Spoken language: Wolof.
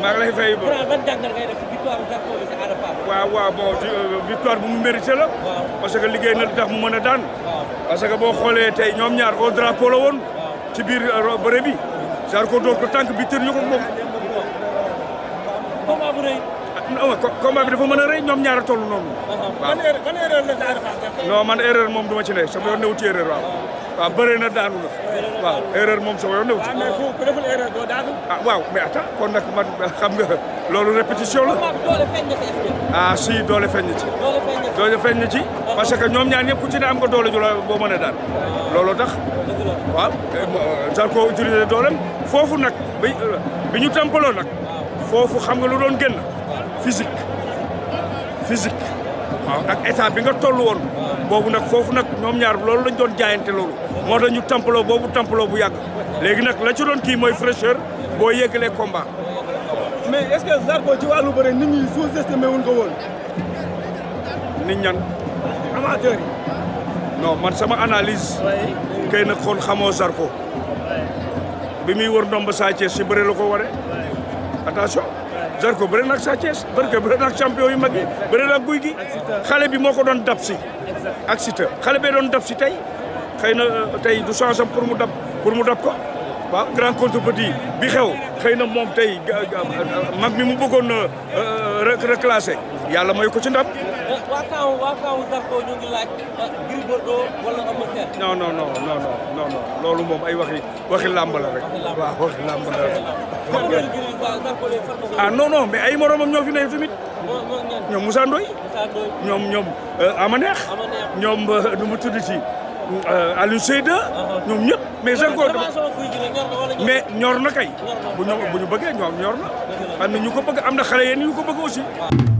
maa ngi lay fay ba ban jàngat ngay def victoire waaw waaw bon euh, victoire bu mu mérité la. parce que liggéey na li tax mu mën a daan. parce que boo xoolee tey ñoom ñaar au drapeau la woon. ci biir euh, bëre bi. Zarko door ko tànk bi tër ñu ko moom. combat bu ah, bi dafa mën a rey ñoom ñaar a toll noonu. Ah, ah. waaw man erreur moom du ma ci ne sama yoon newu ci erreur waaw bëree na daanu na waaw erreur moom soo yoon newu ci. Ah, mais ku deful erreur doo daanu. ah waaw mais attends kon nag man xam nga loolu répétition la. ah si doole feeñ ci. doole feeñ ci parce que ñoom ñaan ñëpp ku ci ne am nga doole ju la boo mënee daan ah. looloo tax. waaw eh, Zarko utiliser dooleem foofu nag bi bi ñu tampaloo nag ah. foofu xam nga lu doon génn physique physique waaw ak état bi nga toll woon. boobu nag foofu nag ñoom ñaar loolu lañ doon jaayante loolu moo tax ñu tampaloo boobu tampaloo bu yàgg léegi nag la ci doon kii mooy fraîcheur boo yëgalee combat. mais est que Zarko ci wàllu bëre nit ñi sous-estimé wuñ ko woon. nit ñan. amateur yi. non man sama analyse. kay nag kon xamoo Zarko. bi muy wër ndomb Sa Thiès si bëre la ko ware attention Zarko bëri na ak Sa Thiès barke bëri na yu mag yi bëri guy gi xale bi moo ko doon dab si ak Siteu xale bee doon dab si tey xëy na euh, tey du chance am pour mu dab pour mu dab ko waaw grand contre petit bi xew xëy na moom tey mag mi mu bëggoon euh, euh, reclasser yàlla mooy ko ci ndam waa Kaaw waa loolu moom ay waxi waxi làmb la rek. waaw waxi làmb la rek. ah non non mais ay moromam ñoo fi nekk tamit. ñoom Moussa ñoom ñoom euh, Amaneex. Amaneex ñoom euh, nu mu tudd ci euh, Aliou uh-huh. ñoom ñëpp mais Zarko. mais ñor na kay. bu ñu bëggee ñoom ñor na. am na ñu ko bëgg am na xale yéen ñu ko bëgg aussi.